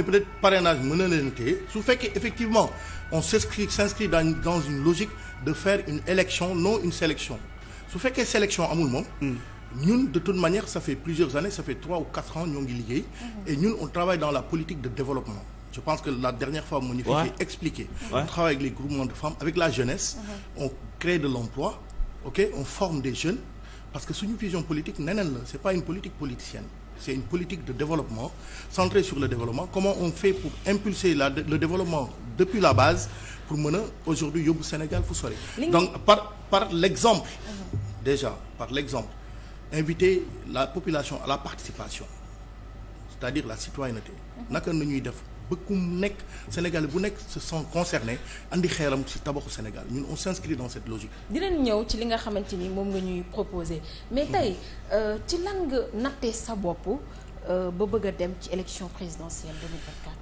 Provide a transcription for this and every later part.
ne peut-être parrainage mën na leen téye su fekkee effectivement on s'inscrit s'inscrit dans dans une logique de faire une élection non une sélection su fekkee sélection amul moom ñun de toute manière ça fait plusieurs années ou quatre ans ñoo ngi liggéey et ñun on travaille dans la politique de développement je pense que la dernière fois mu ñu fi expliqué on travaille avec les groupements de femmes avec la jeunesse on crée de l'emploi ok on forme des c'est une politique de développement centrée sur le développement comment on fait pour impulser la le développement depuis la base pour mën a aujourd'hui yóbbu Sénégal fu sori donc par par l'exemple déjà par l'exemple inviter la population à la participation c'est-à-dire la citoyenneté mmh. naka na ñuy def bëgg ku nekk Sénégal bu nekk se sont concernés andi xeeram ci tabaxu Sénégal ñun on s'inscrit dans cette logique. dinañ ñëw ci li nga xamante ni moom nga ñuy proposé mais mm-hmm. tey euh, ci lan nga nattee sa bopp euh, ba bëgg a dem ci élection présidentielle 2024.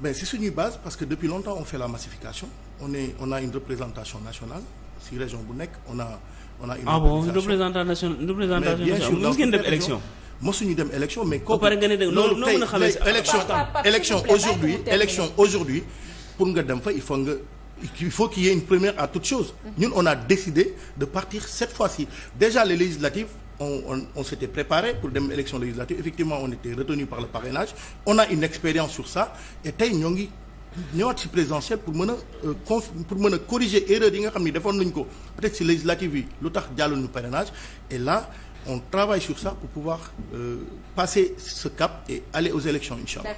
mais c'est suñuy base parce que depuis longtemps on fait la massification on est on a une représentation nationale si région bu nekk on a on a. une ah bon représentation une représentation nationale. mais bien sûr ngeen def élection. mosuñu dem élection mais. kooku loolu tey élection élection aujourd'hui élection aujourd'hui pour nga dem fa il faut nga il faut qu'il y ait une première à toute chose. Mm-hmm. ñun on a décidé de partir cette fois-ci déjà les législatives. on on on s'était préparé pour dem élection législative effectivement on était retenu par le parrainage on a une expérience sur ça et tey ñoo ngi ñëwaat ci présidentielle pour mën a euh, conf pour mën a corriger erreur yi nga xam ni defoon nañu ko peut-être ci législative yi lu tax jàlluñu parrainage et là on travaille sur ça pour pouvoir euh, passer ce cap et aller aux élections inch'Allah